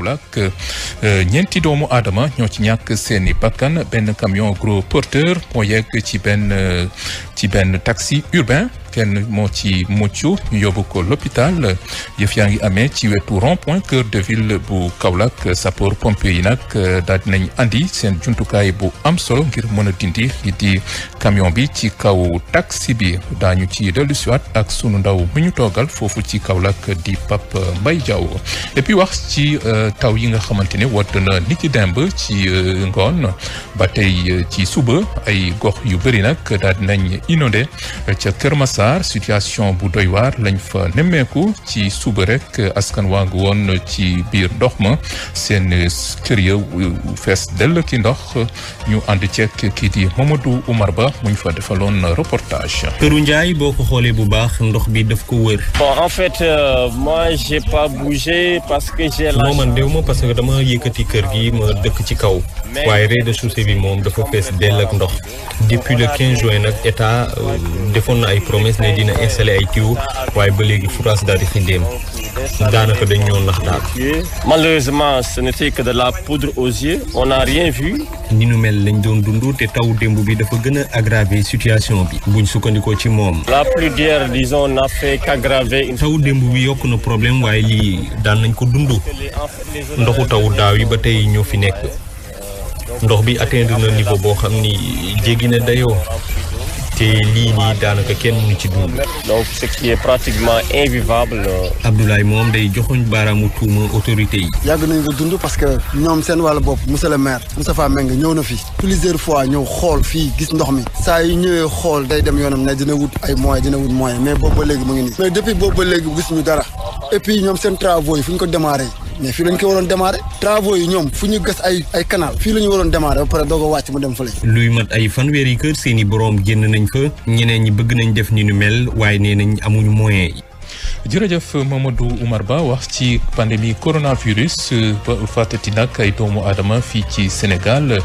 Kaolack euh, ñeenti doomu aadama ñoo ci ñàkk seeni bakkan benn camion gros porteur moo yegg ci benn euh, ci benn taxi urbain kenn moo ci mucc ñu yóbbu ko l'hôpital yëf yaa ngi amee ci wetu rond point cœur de ville bu Kaolack sapeur pompier yi nag euh, daal dinañ andi seen jumtukaay bu am solo ngir mën a dindi li di camion bi ci kaw taxi bi daañu ci dellusiwaat ak sunu ndaw bu ñu toogal foofu ci Kaolack di pap Mbaye Diaw et wax ci euh, taw yi nga xamante ne wadd na ni demb ci euh, ngoon ba tey ci suba ay gox yu bëri nag daal dinañ inondé ca Kër Massar situation bu doy waar lañ fa nemmeeku ci suba rek askan waa ngi woon ci biir ndox ma seen kër ya fees dell ki ndox ñu ànd ceeg kii di Mamadou Oumar Ba mu ñu fa defaloon reportage. këru Ndiaye boo ko xoolee bu baax ndox bi daf ko wër. bon en fait euh, moi j'ai pas bougé parce que j'ai la. moo man dew ma parce que dama yëkkati kër gi ma dëkk ci kaw waaye rez de bi moom dafa fees dell ak ndox depuis le juin nag état. Touba defoon na ay promesse ne dina installé ay tuyaux waaye ba léegi forage daal di daanaka dañ nax daal. de la poudre aux yeux on n'a rien vu. ni nu mel lañ doon dund te taw démb bi dafa gën a aggraver situation bi buñ sukkandikoo ci moom. la pluie d'hier disons n'a fait qu'aggraver. taw démb bi yokk na problème waaye lii daan nañ ko dund ndoxu taw daaw yi ba tey ñoo fi nekk. ndox bi atteindre na niveau boo xam ni jéggi na dayoo te lii nii daanaka kenn mënu ci dund. donc ce qui est pratiquement invivable. Euh, Abdoulaye moom day joxoñ baaraamu tuuma autorité yi. yàgg nañ ko dund parce que ñoom seen wàllu bopp monsieur le maire Moustapha Mbengue ñëw na fi plusieurs fois ñëw xool fi gis ndox mi saa yi ñëwee xool day dem yoonam ne dina wut ay moyens dina wut moyens mais boobu ba léegi mu ngi nii. mais depuis boobu ba léegi gisuñu dara et ñoom seen travaux yi fu ñu ko démarré. mais fii lañ ko waroon démarrer travaux yi ñoom fu ñu gas ay ay canal fii la ñu waroon démarrer ba pare doog a wàcc mu dem fële. luy mat ay fanweeri kër seeni boroom génn nañ fa ñeneen ñi bëgg nañ def ni nu mel waaye nee nañ amuñu moyen yi. jërëjëf Mamadou Oumar Ba wax ci pandémie coronavirus ba fàttati nag ay doomu aadama fii ci Sénégal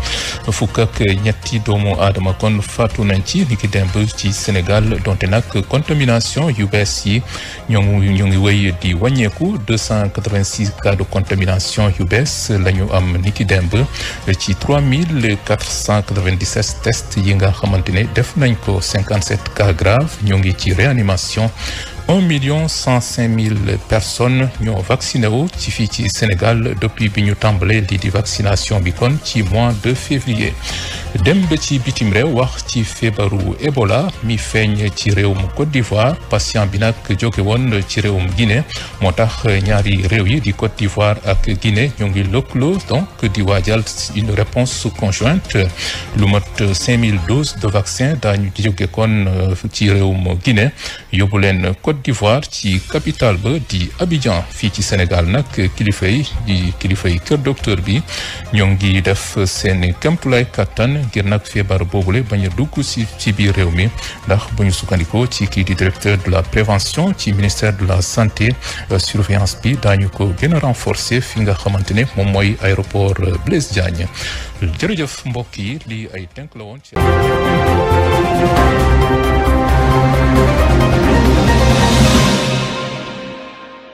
fukk ñetti doomu aadama kon faatu nañ ci niki demb ci Sénégal donte nag contamination yu bees yi ñoo ngi ñoo ngi wéy di wàññeeku 286 cas de contamination yu lañu la ñu am niki demb ci 3497 tests yi nga xamante ne def nañ ko 57 cas grave ñoo ngi ci réanimation. un million cent cinq mille personnes ñoo vacciné wu ci fii ci Sénégal depuis bi ñu tàmbalee lii di vaccination bi kon ci mois de février dem ba ci bitim réew wax ci feebaru ébola mi feeñ ci réewum Côte d'Ivoire patient bi nag jóge woon ci réewum Guinée moo tax ñaari réew yi di Côte d'Ivoire ak Guinée ñoo ngi lëkkaloo donc di waajal une réponse conjointe lu mat cinq mille doses de vaccin daañu jóge kon ci réewum Guinée yóbbu leen Côte Côte d'Ivoire ci capitale ba di Abidjan fii ci Sénégal nag kilifa yi di kilifa yi kër docteur bi ñoo ngi def seen kéemtulaay kattan ngir nag feebar boobule bañ a dugg si ci biir réew mi ndax buñu ñu sukkandikoo ci kii di directeur de la prévention ci ministère de la santé euh, surveillance bi daañu ko gën a renforcer fi nga xamante ne moom mooy aéroport euh, Blaise Diagne jërëjëf mbokk yi li ay tënk la woon ci